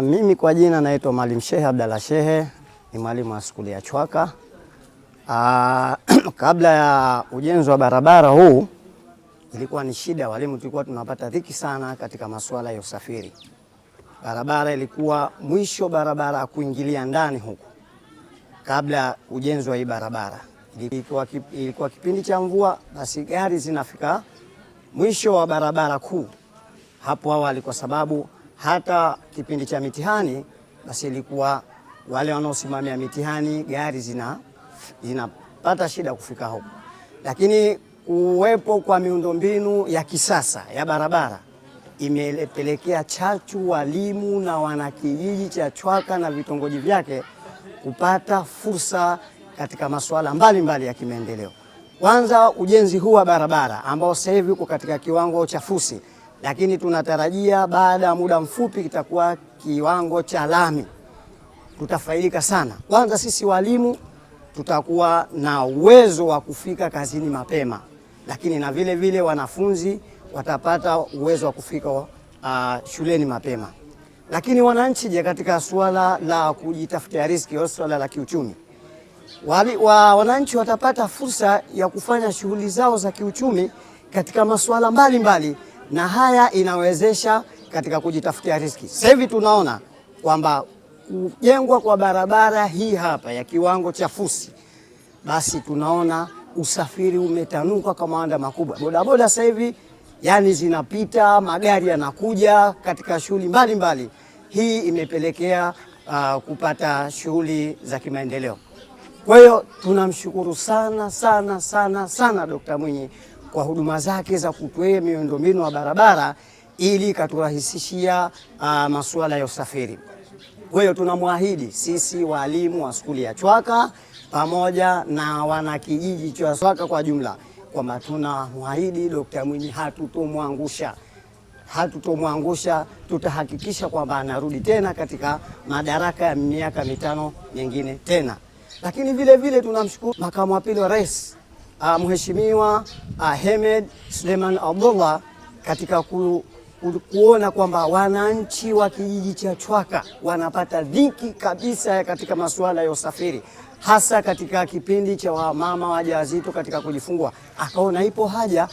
Mimi kwa jina naitwa Mwalimu Shehe Abdalla Shehe, ni mwalimu wa skuli ya Chwaka. Aa, ah, kabla ya ujenzi wa barabara huu ilikuwa ni shida, walimu tulikuwa tunapata dhiki sana katika masuala ya usafiri. Barabara ilikuwa mwisho, barabara ya kuingilia ndani huku, kabla ujenzi wa hii barabara ilikuwa, ilikuwa kipindi cha mvua, basi gari zinafika mwisho wa barabara kuu hapo awali kwa sababu hata kipindi cha mitihani basi ilikuwa wale wanaosimamia mitihani gari zina zinapata shida kufika huko, lakini kuwepo kwa miundombinu ya kisasa ya barabara imepelekea chachu walimu na wanakijiji cha Chwaka na vitongoji vyake kupata fursa katika masuala mbalimbali ya kimaendeleo. Kwanza ujenzi huu wa barabara ambao sasa hivi uko katika kiwango cha fusi lakini tunatarajia baada ya muda mfupi kitakuwa kiwango cha lami. Tutafaidika sana. Kwanza sisi walimu tutakuwa na uwezo wa kufika kazini mapema, lakini na vile vile wanafunzi watapata uwezo wa kufika uh, shuleni mapema. Lakini wananchi, je, katika suala la kujitafutia riziki au suala la kiuchumi wali, wa, wananchi watapata fursa ya kufanya shughuli zao za kiuchumi katika masuala mbalimbali mbali na haya inawezesha katika kujitafutia riski. Sasa hivi tunaona kwamba kujengwa kwa barabara hii hapa ya kiwango cha fusi, basi tunaona usafiri umetanuka kwa mawanda makubwa. Bodaboda sasa hivi yani zinapita, magari yanakuja katika shughuli mbalimbali. Hii imepelekea uh, kupata shughuli za kimaendeleo. Kwa hiyo tunamshukuru sana sana sana sana dokta Mwinyi kwa huduma zake za kutuwea miundombinu wa barabara ili ikaturahisishia uh, masuala ya usafiri. Kwa hiyo tunamwahidi sisi walimu wa skuli ya Chwaka pamoja na wanakijiji cha Chwaka kwa jumla kwamba tunamwahidi Dkt. Mwinyi hatutomwangusha, hatutomwangusha, tutahakikisha kwamba anarudi tena katika madaraka ya miaka mitano mingine tena. Lakini vile vile tunamshukuru makamu wa pili wa rais uh, Mheshimiwa uh, Suleiman Abdullah katika ku, ku, kuona kwamba wananchi wa kijiji cha Chwaka wanapata dhiki kabisa katika masuala ya usafiri hasa katika kipindi cha wamama wajawazito katika kujifungua, akaona ipo haja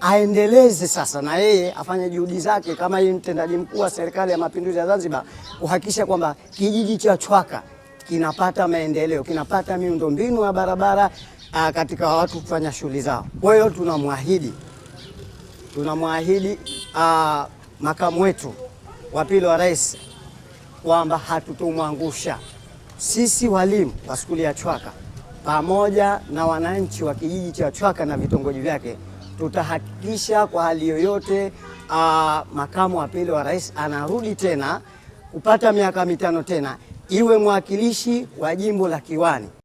aendeleze sasa na yeye afanye juhudi zake kama yeye mtendaji mkuu wa Serikali ya Mapinduzi ya Zanzibar kuhakikisha kwamba kijiji cha Chwaka kinapata maendeleo, kinapata miundombinu ya barabara uh, katika watu kufanya shughuli zao. Kwa hiyo tunamwahidi tunamwahidi uh, makamu wetu wa pili wa rais kwamba hatutomwangusha. Sisi walimu wa skuli ya Chwaka pamoja na wananchi wa kijiji cha Chwaka na vitongoji vyake tutahakikisha kwa hali yoyote uh, makamu wa pili wa rais anarudi tena kupata miaka mitano tena iwe mwakilishi wa jimbo la Kiwani.